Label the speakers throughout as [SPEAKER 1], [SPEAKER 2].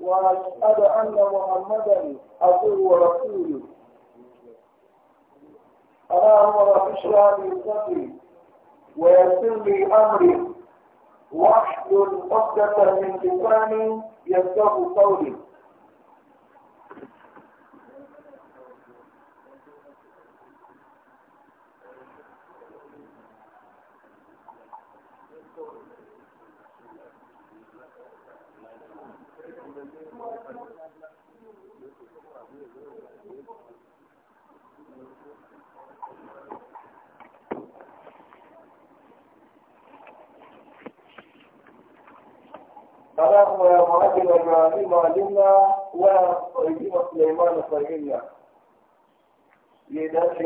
[SPEAKER 1] وأشهد أن محمدا عبده ورسوله أنا رب بشرى لي صدري ويسر لي أمري واحلل عقدة من لساني يفقه قولي اللهم يا معلم ابراهيم علمنا ويا قيم سليمان فهمنا يدعك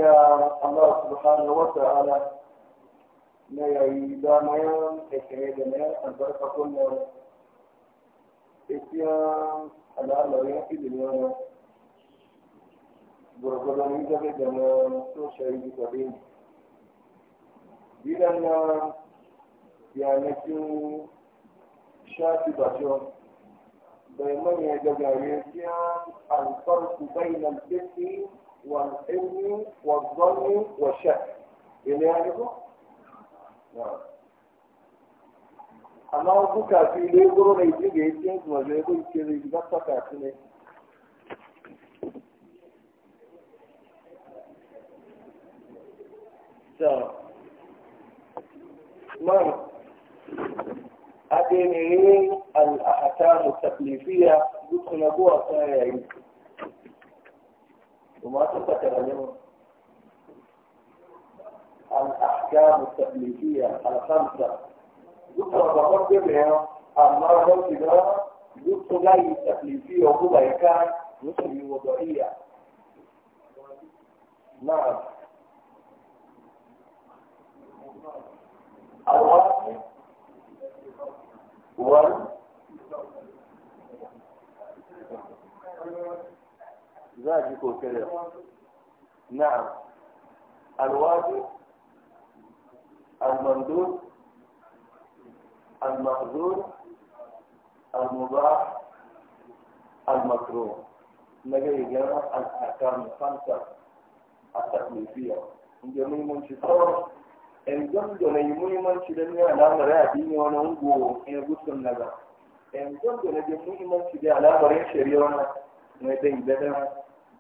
[SPEAKER 1] الله سبحانه وتعالى ما يدام يوم تشهدنا البركة كلنا إتيان على الله في دنيانا برغدان يجب جمال سو شهيد قديم دينا يا نكيو shafi bajon bai manya da gare siya alfarku bainal fiqhi wal ilmi wal dhanni wa shak ina ya ko amma ku kafi ne guru ne ji ga yin su waje ko ke zai ga saka a هذه الأحكام التكليفية يدخل أبوها فيها وما تذكر اليوم الأحكام التكليفية الخمسة يدخل أبوها فيها أما الرجل يدخل أي تكليفية وهو كان يدخل وضعية نعم و زاد يكون كذا نعم الواجب المندوب المحظور المباح المكروه نجي جمع الأحكام الخمسة التكليفية جميع من شطار en gondo na muhimmanci don yana lamarin addini wani ungo ya gusun naga en gondo na da muhimmanci da lamarin shari'a wani mai dai dada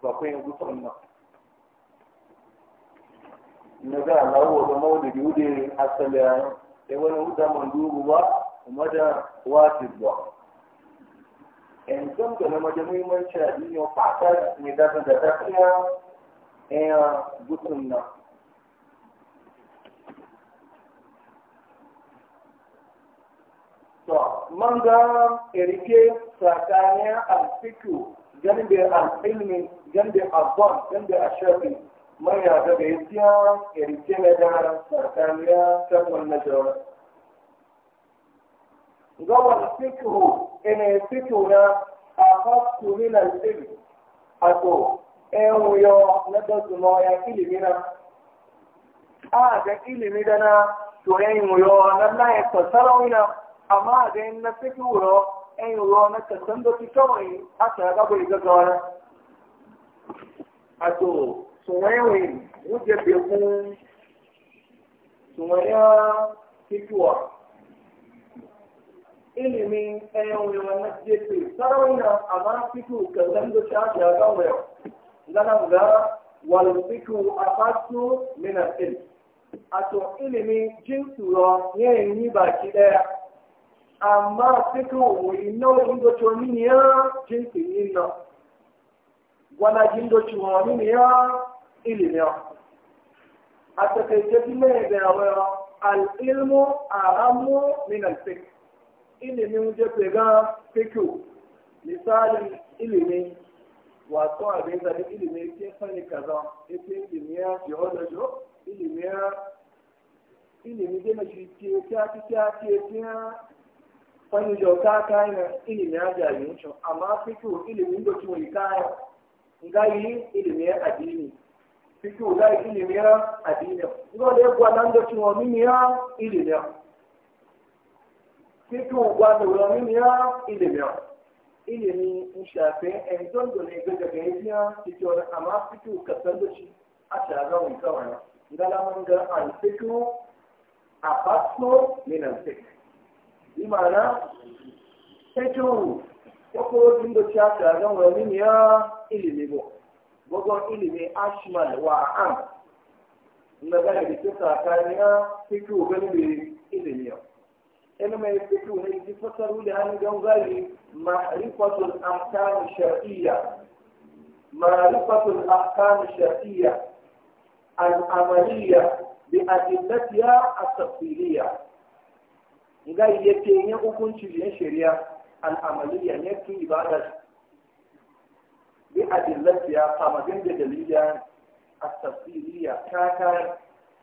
[SPEAKER 1] bakwai ya gusun na naga alawo da maulidi wude asali a yi wani wuta mandubu ba kuma da wasu ba en gondo na maja muhimmanci addini wa fata ne da da da kuma ya na man ga erike sakanya alfiku jambe al'ilmi jambe abban jambe ashafi man ya ga da yasiya erike na da tsakanin kan wannan jawar ga walfiku ina fiku na a hakku min al'ilmi a to ɗayan na dazuma ya ilimi a ga ilimi na to ɗayan wuyo na layin fasarau na amma da yin na fi wuro in ruwa na kasan da fi kawai a ta gaba yi gaggawa a to sunayewe wuje bekun sunaya fituwa ilimin ɗayan wiwa na jefe sarawai na amma fitu kasan da ta ta gaba yau ganan ga wal fitu a fasu minar ɗin a to ilimin jinsu ruwa yayin yi baki ɗaya amma suka wuri nau'in da tuni ya jinsi yin nan wala jin da tuni ne ya ilimi a takaice kuma ya ga yawa al'ilmu aramu min alfik Ilimi da ke ga fikiu misalin ilimi wato abin da ilimi ke sani kaza ita ilimiya geology ilimiya ilimi da mashi ke ta fi ta ke ta wani jauta kayan ilimin ya jami wucin amma fito ilimin da tuwa yi kayan gayi ilimin addini fito gayi ilimin addini zo da ya gwanan da tuwa miniya ilimin fito gwanan da miniya ilimin ilimi in shafe en don da ne gaga ga yafiya fito da amma fito kasan da shi a shaga wani kawai galaman ga an fito a fasto minan fito na, ma'ana cikin kwakwalwacin da ta taron wani ya ilimi bụ bugon ilimi ashmal wa an na gane da ke ya fito gani da ilimi yau ina mai fito ne ji fasaru da hannun gangare ma'rifatul ahkam shar'iyya ma'rifatul ahkam shar'iyya al'amaliyya bi adillatiya at-tafsiliyya nga iya ke yin hukunci ne shari'a al'amaliya ne tun ibada bi adillatiya kamabin da dalila a tafsiriya ta ka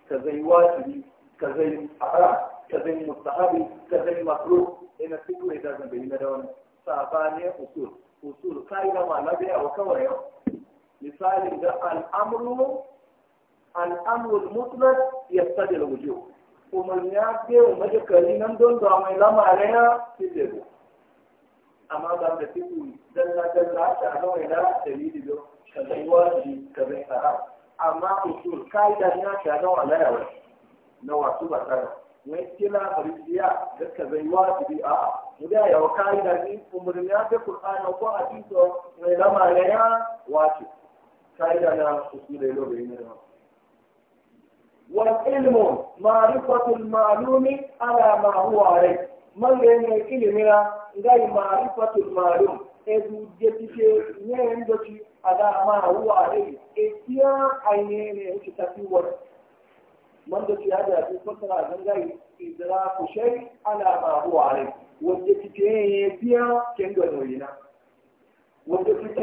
[SPEAKER 1] ka zai wajibi ka zai ara ka zai mustahabi ka zai makro ina tuku da zan bayyana da wani sabanin usul usul kai da malabi a kawai misali da al'amru al'amru mutlaq yastadil wujuh umarni ya ce wa majakari nan don zuwa mai lamarin ya fi zai amma ba da fiku dalla dalla ta ga mai da dalili do ka zai wajibi ka zai fara amma usul kaida na ta ga wala yawa na wasu ba tsara wai kila farisiya da ka zai wajibi a guda yawa kaida ni umarni ya ce qur'ana ko hadisi mai lamarin ya wace kaida na usul da ya bai ne ba والعلم معرفة المعلوم على ما هو عليه من ينهي كلمنا غير معرفة المعلوم edu jetike ne ndochi ada ma huwa alai etia aine ne uchi tafiwa manda ci hada su fasara gangai idraku shay ala ma huwa alai wanda kike etia noyina wanda kike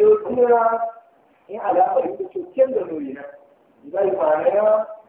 [SPEAKER 1] etia in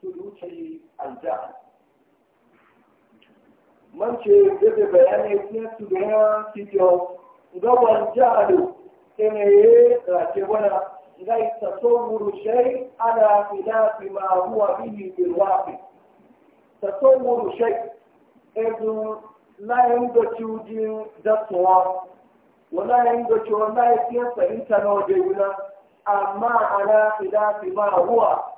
[SPEAKER 1] su wuce alja man ce zai bayanai sun su da yawa cikin gawan jihar yanayi rake wana zai tasowuru shai ana filafi ma huwa bihi bilwafi tasowuru shai ezu layin da cikin dasuwa wala yin da ciwon layin fiyarsa intanet da yuna amma ana fi ma huwa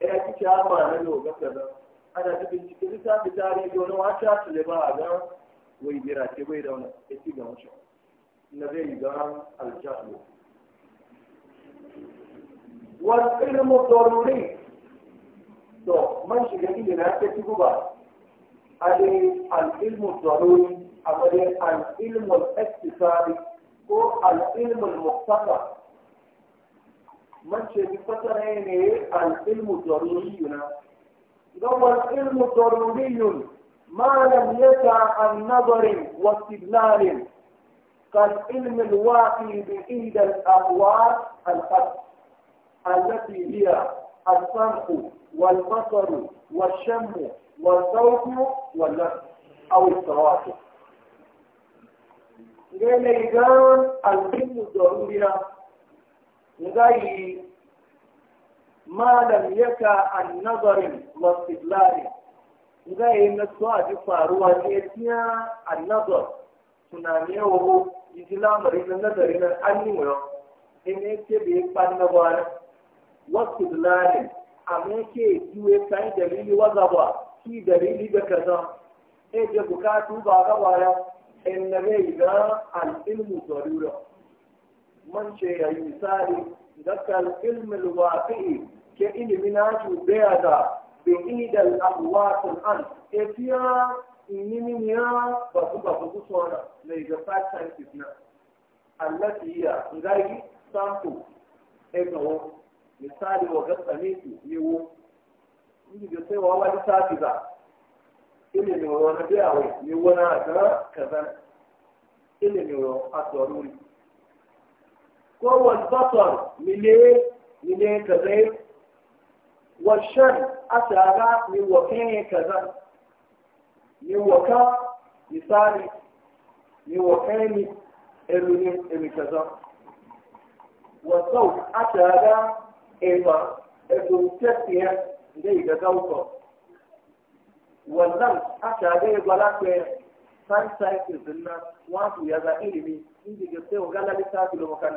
[SPEAKER 1] ya kike amma na yoga kaza ana ta bincike lissafi tarihi wani wata su ba a ga wai jira ce bai da wani ya ci ga wancan na zai ga aljahu wal ilmu daruri to man shiga inda na ta ci guba ade al ilmu daruri amma dai al ilmu al ko al ilmu al muqtasar مجد فترين العلم ضروري لو العلم ضروري ما لم يسع عن نظر واستدلال كالعلم الواقي بعيد الأبواب الخط التي هي السمح والبصر والشم والصوت واللفظ أو التواصل لأن إذا العلم ضروري ngayi malam yaka an nazarin wasidlari ngayi na su a ji faruwa ne tiya an nazar tunani yawo ji lamarin na nazari na an yi muyo in ne ce bai yi kwan na gwana a amma ke juwe kan dalili waza ba shi dalili da kaza e je bukatu ba gaba ya in na bai ga al'ilmu zarura man ce ya yi misali zakar ilmin wafi ke ilimi na cuɗaya da bin idal amwatin an efiya nimin ya babu babu kusura mai da five times fatan na. allati ya ngai sampo e kawo misali wa ga tsamiki yiwu inji da sai wa wani sati ba ilimi wa wani biyawe ne wani ga kazan ilimi wa a tsaruri هو البصر من ايه من ايه كذا والشر أسرع من وكان كذا من وكا مثالي من وكان إلو كذا والصوت أسرع إيما إلو تسيا ليه كذا والنم أسرع إيما لكي سايسايس الناس بالناس وانتو يزا إلمي إنجي جسيو غالا لساتي لو